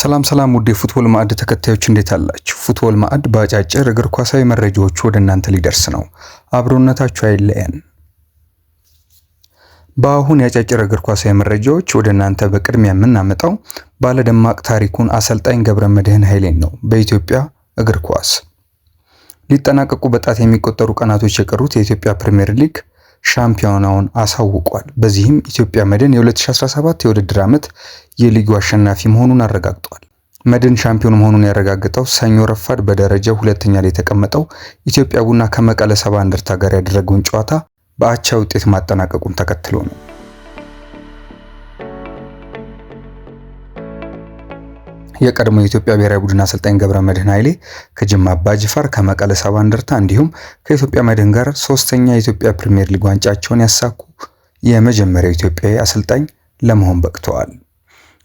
ሰላም ሰላም ውድ የፉትቦል ማዕድ ተከታዮች እንዴት አላችሁ? ፉትቦል ማዕድ በአጫጭር እግር ኳሳዊ መረጃዎች ወደ እናንተ ሊደርስ ነው። አብሮነታችሁ አይለየን። በአሁን የአጫጭር እግር ኳሳዊ መረጃዎች ወደ እናንተ በቅድሚያ የምናመጣው ባለደማቅ ታሪኩን አሰልጣኝ ገብረ መድህን ኃይሌን ነው። በኢትዮጵያ እግር ኳስ ሊጠናቀቁ በጣት የሚቆጠሩ ቀናቶች የቀሩት የኢትዮጵያ ፕሪምየር ሊግ ሻምፒዮናውን አሳውቋል። በዚህም ኢትዮጵያ መድን የ2017 የውድድር ዓመት የሊጉ አሸናፊ መሆኑን አረጋግጧል። መድን ሻምፒዮን መሆኑን ያረጋግጠው ሰኞ ረፋድ በደረጃው ሁለተኛ ላይ የተቀመጠው ኢትዮጵያ ቡና ከመቀለ ሰባ እንደርታ ጋር ያደረገውን ጨዋታ በአቻ ውጤት ማጠናቀቁን ተከትሎ ነው። የቀድሞ የኢትዮጵያ ብሔራዊ ቡድን አሰልጣኝ ገብረ መድህን ኃይሌ ከጅማ አባጅፋር ከመቀለ ሰባ እንደርታ እንዲሁም ከኢትዮጵያ መድን ጋር ሶስተኛ የኢትዮጵያ ፕሪምየር ሊግ ዋንጫቸውን ያሳኩ የመጀመሪያው ኢትዮጵያዊ አሰልጣኝ ለመሆን በቅተዋል።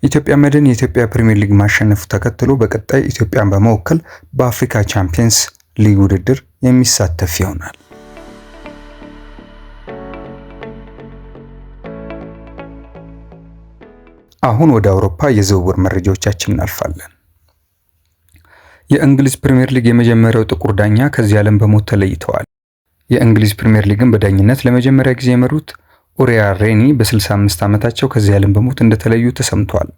ኢትዮጵያ መድን የኢትዮጵያ ፕሪምየር ሊግ ማሸነፉ ተከትሎ በቀጣይ ኢትዮጵያን በመወከል በአፍሪካ ቻምፒየንስ ሊግ ውድድር የሚሳተፍ ይሆናል። አሁን ወደ አውሮፓ የዝውውር መረጃዎቻችን እናልፋለን። የእንግሊዝ ፕሪምየር ሊግ የመጀመሪያው ጥቁር ዳኛ ከዚህ ዓለም በሞት ተለይተዋል። የእንግሊዝ ፕሪምየር ሊግን በዳኝነት ለመጀመሪያ ጊዜ የመሩት ኡሪያ ሬኒ በ65 ዓመታቸው ከዚህ ዓለም በሞት እንደተለዩ ተሰምቷል።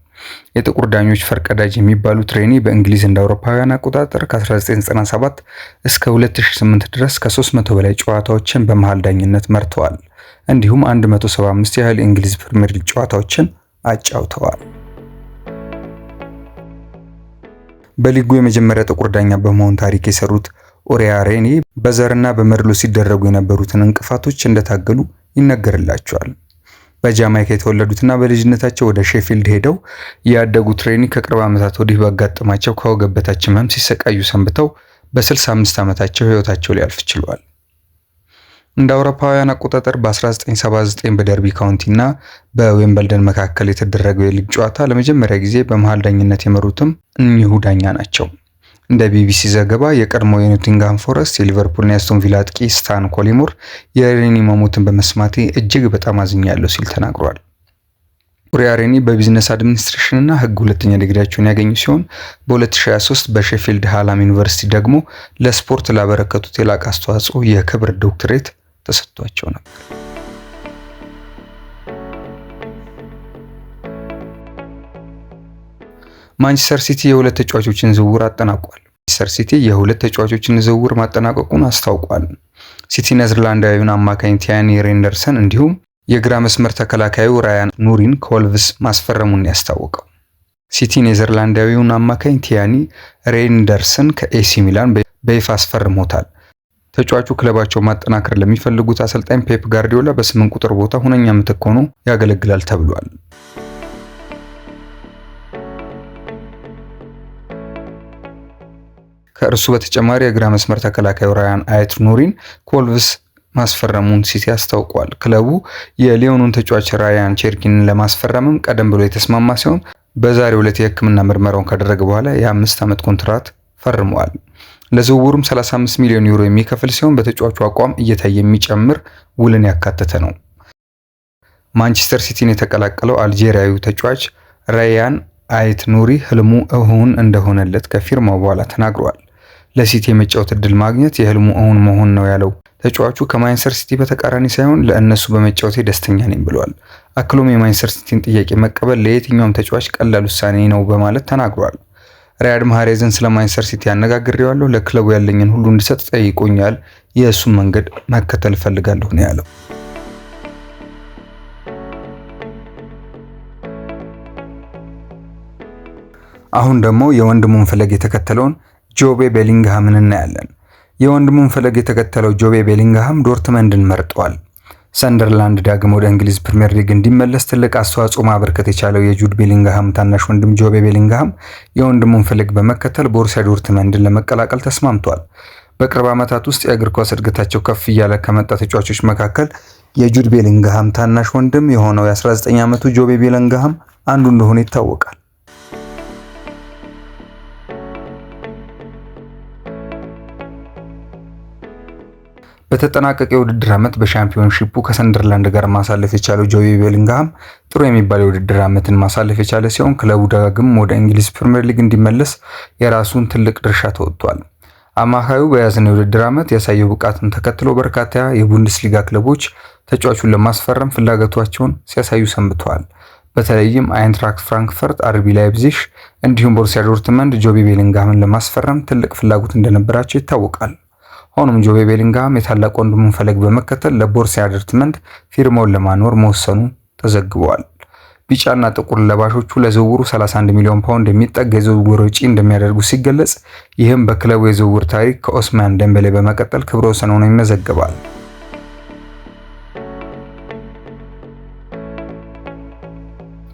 የጥቁር ዳኞች ፈርቀዳጅ የሚባሉት ሬኒ በእንግሊዝ እንደ አውሮፓውያን አቆጣጠር ከ1997 እስከ 2008 ድረስ ከ300 በላይ ጨዋታዎችን በመሃል ዳኝነት መርተዋል። እንዲሁም 175 ያህል የእንግሊዝ ፕሪምየር ሊግ ጨዋታዎችን አጫውተዋል። በሊጉ የመጀመሪያ ጥቁር ዳኛ በመሆን ታሪክ የሰሩት ኦሪያ ሬኒ በዘርና በመድሎ ሲደረጉ የነበሩትን እንቅፋቶች እንደታገሉ ይነገርላቸዋል። በጃማይካ የተወለዱትና በልጅነታቸው ወደ ሼፊልድ ሄደው ያደጉት ሬኒ ከቅርብ ዓመታት ወዲህ ባጋጠማቸው ከወገብ በታች ሲሰቃዩ ሰንብተው በ65 ዓመታቸው ህይወታቸው ሊያልፍ ችሏል። እንደ አውሮፓውያን አቆጣጠር በ1979 በደርቢ ካውንቲ እና በዌምበልደን መካከል የተደረገው የሊግ ጨዋታ ለመጀመሪያ ጊዜ በመሃል ዳኝነት የመሩትም እኚሁ ዳኛ ናቸው። እንደ ቢቢሲ ዘገባ የቀድሞ የኖቲንጋም ፎረስት የሊቨርፑልና የአስቶን ቪላ አጥቂ ስታን ኮሊሞር የሬኒ መሞትን በመስማቴ እጅግ በጣም አዝኛለሁ ሲል ተናግሯል። ኩሪያ ሬኒ በቢዝነስ አድሚኒስትሬሽን እና ሕግ ሁለተኛ ዲግሪያቸውን ያገኙ ሲሆን በ2023 በሼፊልድ ሃላም ዩኒቨርሲቲ ደግሞ ለስፖርት ላበረከቱት የላቀ አስተዋጽኦ የክብር ዶክትሬት ተሰጥቷቸው ነበር። ማንቸስተር ሲቲ የሁለት ተጫዋቾችን ዝውውር አጠናቋል። ማንቸስተር ሲቲ የሁለት ተጫዋቾችን ዝውውር ማጠናቀቁን አስታውቋል። ሲቲ ኔዘርላንዳዊውን አማካኝ ቲያኒ ሬንደርሰን እንዲሁም የግራ መስመር ተከላካዩ ራያን ኑሪን ከወልቭስ ማስፈረሙን ያስታወቀው ሲቲ ኔዘርላንዳዊውን አማካኝ ቲያኒ ሬንደርሰን ከኤሲ ሚላን በይፋ አስፈርሞታል። ተጫዋቹ ክለባቸው ማጠናከር ለሚፈልጉት አሰልጣኝ ፔፕ ጋርዲዮላ በስምንት ቁጥር ቦታ ሁነኛ ምትክ ሆኖ ያገለግላል ተብሏል። ከእርሱ በተጨማሪ የግራ መስመር ተከላካዩ ራያን አይት ኑሪን ኮልቭስ ማስፈረሙን ሲቲ አስታውቋል። ክለቡ የሊዮኑን ተጫዋች ራያን ቼርኪንን ለማስፈረምም ቀደም ብሎ የተስማማ ሲሆን በዛሬው ዕለት የሕክምና ምርመራውን ካደረገ በኋላ የአምስት ዓመት ኮንትራት ፈርመዋል። ለዝውውሩም 35 ሚሊዮን ዩሮ የሚከፍል ሲሆን በተጫዋቹ አቋም እየታየ የሚጨምር ውልን ያካተተ ነው። ማንቸስተር ሲቲን የተቀላቀለው አልጄሪያዊ ተጫዋች ራያን አይት ኑሪ ህልሙ እሁን እንደሆነለት ከፊርማው በኋላ ተናግሯል። ለሲቲ የመጫወት እድል ማግኘት የህልሙ እሁን መሆን ነው ያለው ተጫዋቹ ከማንቸስተር ሲቲ በተቃራኒ ሳይሆን ለእነሱ በመጫወቴ ደስተኛ ነኝ ብሏል። አክሎም የማንቸስተር ሲቲን ጥያቄ መቀበል ለየትኛውም ተጫዋች ቀላል ውሳኔ ነው በማለት ተናግሯል። ሪያድ ማህሬዝን ስለ ማንቸስተር ሲቲ አነጋግሬዋለሁ። ለክለቡ ያለኝን ሁሉ እንዲሰጥ ጠይቆኛል። የእሱን መንገድ መከተል እፈልጋለሁ ነው ያለው። አሁን ደግሞ የወንድሙን ፈለግ የተከተለውን ጆቤ ቤሊንግሃምን እናያለን። የወንድሙን ፈለግ የተከተለው ጆቤ ቤሊንግሃም ዶርትመንድን መርጠዋል። ሰንደርላንድ ዳግም ወደ እንግሊዝ ፕሪምየር ሊግ እንዲመለስ ትልቅ አስተዋጽኦ ማበርከት የቻለው የጁድ ቤሊንግሃም ታናሽ ወንድም ጆቤ ቤሊንግሃም የወንድሙን ፍልግ በመከተል ቦሩሲያ ዶርትመንድን ለመቀላቀል ተስማምቷል። በቅርብ ዓመታት ውስጥ የእግር ኳስ እድገታቸው ከፍ እያለ ከመጣ ተጫዋቾች መካከል የጁድ ቤሊንግሃም ታናሽ ወንድም የሆነው የ19 ዓመቱ ጆቤ ቤሊንግሃም አንዱ እንደሆነ ይታወቃል። በተጠናቀቀ የውድድር ዓመት በሻምፒዮንሺፑ ከሰንደርላንድ ጋር ማሳለፍ የቻለው ጆቢ ቤሊንግሃም ጥሩ የሚባል የውድድር ዓመትን ማሳለፍ የቻለ ሲሆን ክለቡ ዳግም ወደ እንግሊዝ ፕሪምየር ሊግ እንዲመለስ የራሱን ትልቅ ድርሻ ተወጥቷል። አማካዩ በያዝን የውድድር ዓመት ያሳየው ብቃትን ተከትሎ በርካታ የቡንደስሊጋ ክለቦች ተጫዋቹን ለማስፈረም ፍላጎታቸውን ሲያሳዩ ሰንብተዋል። በተለይም አይንትራክት ፍራንክፈርት፣ አርቢ ላይፕዚሽ እንዲሁም ቦሩሲያ ዶርትመንድ ጆቢ ቤሊንግሃምን ለማስፈረም ትልቅ ፍላጎት እንደነበራቸው ይታወቃል። ሆኖም ጆቤ ቤሊንግሃም የታላቅ ወንድሙን ፈለግ በመከተል ለቦሩሲያ ዶርትመንድ ፊርማውን ለማኖር መወሰኑ ተዘግበዋል። ቢጫና ጥቁር ለባሾቹ ለዝውውሩ 31 ሚሊዮን ፓውንድ የሚጠጋ የዝውውር ወጪ እንደሚያደርጉ ሲገለጽ፣ ይህም በክለቡ የዝውውር ታሪክ ከኦስማን ደንቤሌ በመቀጠል ክብረ ወሰን ሆኖ ይመዘገባል።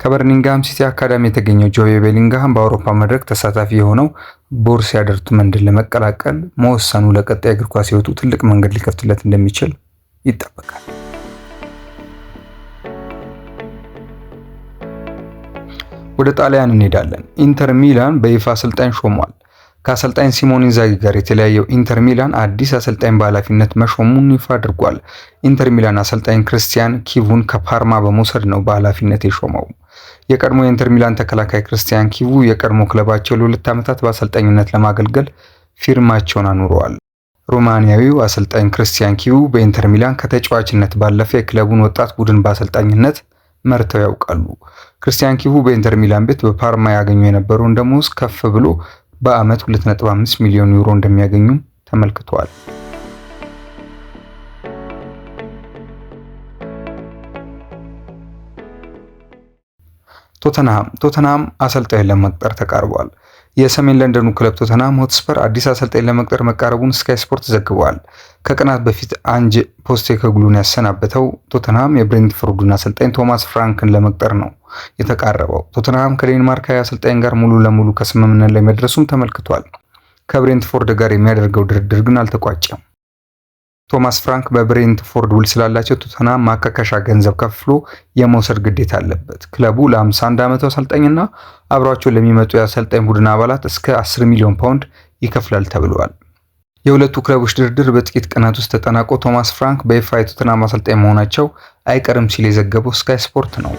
ከበርኒንግሃም ሲቲ አካዳሚ የተገኘው ጆዬ ቤሊንግሃም በአውሮፓ መድረክ ተሳታፊ የሆነው ቦሩሲያ ዶርትመንድን ለመቀላቀል መወሰኑ ለቀጣይ እግር ኳስ ሕይወቱ ትልቅ መንገድ ሊከፍትለት እንደሚችል ይጠበቃል። ወደ ጣሊያን እንሄዳለን። ኢንተር ሚላን በይፋ አሰልጣኝ ሾሟል። ከአሰልጣኝ ሲሞን ኢንዛጊ ጋር የተለያየው ኢንተር ሚላን አዲስ አሰልጣኝ በኃላፊነት መሾሙን ይፋ አድርጓል። ኢንተር ሚላን አሰልጣኝ ክርስቲያን ኪቡን ከፓርማ በመውሰድ ነው በኃላፊነት የሾመው። የቀድሞ የኢንተር ሚላን ተከላካይ ክርስቲያን ኪቡ የቀድሞ ክለባቸው ለሁለት ዓመታት በአሰልጣኝነት ለማገልገል ፊርማቸውን አኑረዋል። ሮማንያዊው አሰልጣኝ ክርስቲያን ኪቡ በኢንተር ሚላን ከተጫዋችነት ባለፈ የክለቡን ወጣት ቡድን በአሰልጣኝነት መርተው ያውቃሉ። ክርስቲያን ኪቡ በኢንተር ሚላን ቤት በፓርማ ያገኙ የነበረውን ደሞዝ ከፍ ብሎ በአመት 2.5 ሚሊዮን ዩሮ እንደሚያገኙም ተመልክተዋል። ቶተናሃም ቶተናሃም አሰልጣኝ ለመቅጠር ተቃርቧል። የሰሜን ለንደኑ ክለብ ቶተንሃም ሆትስፐር አዲስ አሰልጣኝ ለመቅጠር መቃረቡን ስካይ ስፖርት ዘግቧል። ከቀናት በፊት አንጅ ፖስቴ ፖስቴኮግሉን ያሰናበተው ቶተንሃም የብሬንትፎርዱን አሰልጣኝ ቶማስ ፍራንክን ለመቅጠር ነው የተቃረበው። ቶተንሃም ከዴንማርካዊ አሰልጣኝ ጋር ሙሉ ለሙሉ ከስምምነት ላይ መድረሱም ተመልክቷል። ከብሬንትፎርድ ጋር የሚያደርገው ድርድር ግን አልተቋጨም። ቶማስ ፍራንክ በብሬንትፎርድ ውል ስላላቸው ቶተናም ማካካሻ ገንዘብ ከፍሎ የመውሰድ ግዴታ አለበት። ክለቡ ለ51 ዓመቱ አሰልጣኝና አብሯቸው ለሚመጡ የአሰልጣኝ ቡድን አባላት እስከ 10 ሚሊዮን ፓውንድ ይከፍላል ተብለዋል። የሁለቱ ክለቦች ድርድር በጥቂት ቀናት ውስጥ ተጠናቆ ቶማስ ፍራንክ በይፋ የቶተናም አሰልጣኝ መሆናቸው አይቀርም ሲል የዘገበው ስካይ ስፖርት ነው።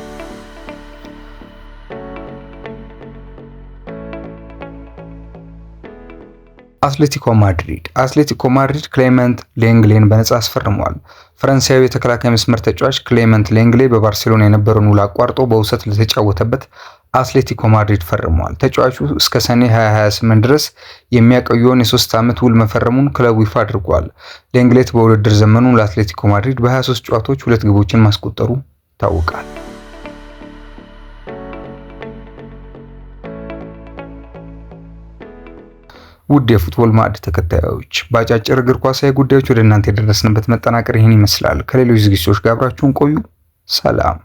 አትሌቲኮ ማድሪድ አትሌቲኮ ማድሪድ ክሌመንት ሌንግሌን በነጻ አስፈርመዋል። ፈረንሳያዊ የተከላካይ መስመር ተጫዋች ክሌመንት ሌንግሌ በባርሴሎና የነበረውን ውል አቋርጦ በውሰት ለተጫወተበት አትሌቲኮ ማድሪድ ፈርመዋል። ተጫዋቹ እስከ ሰኔ 2028 ድረስ የሚያቆየውን የሶስት ዓመት ውል መፈረሙን ክለቡ ይፋ አድርጓል። ሌንግሌት በውድድር ዘመኑ ለአትሌቲኮ ማድሪድ በ23 ጨዋታዎች ሁለት ግቦችን ማስቆጠሩ ይታወቃል። ውድ የፉትቦል ማዕድ ተከታዮች በአጫጭር እግር ኳሳዊ ጉዳዮች ወደ እናንተ የደረስንበት መጠናቀር ይህን ይመስላል። ከሌሎች ዝግጅቶች ጋር አብራችሁን ቆዩ። ሰላም።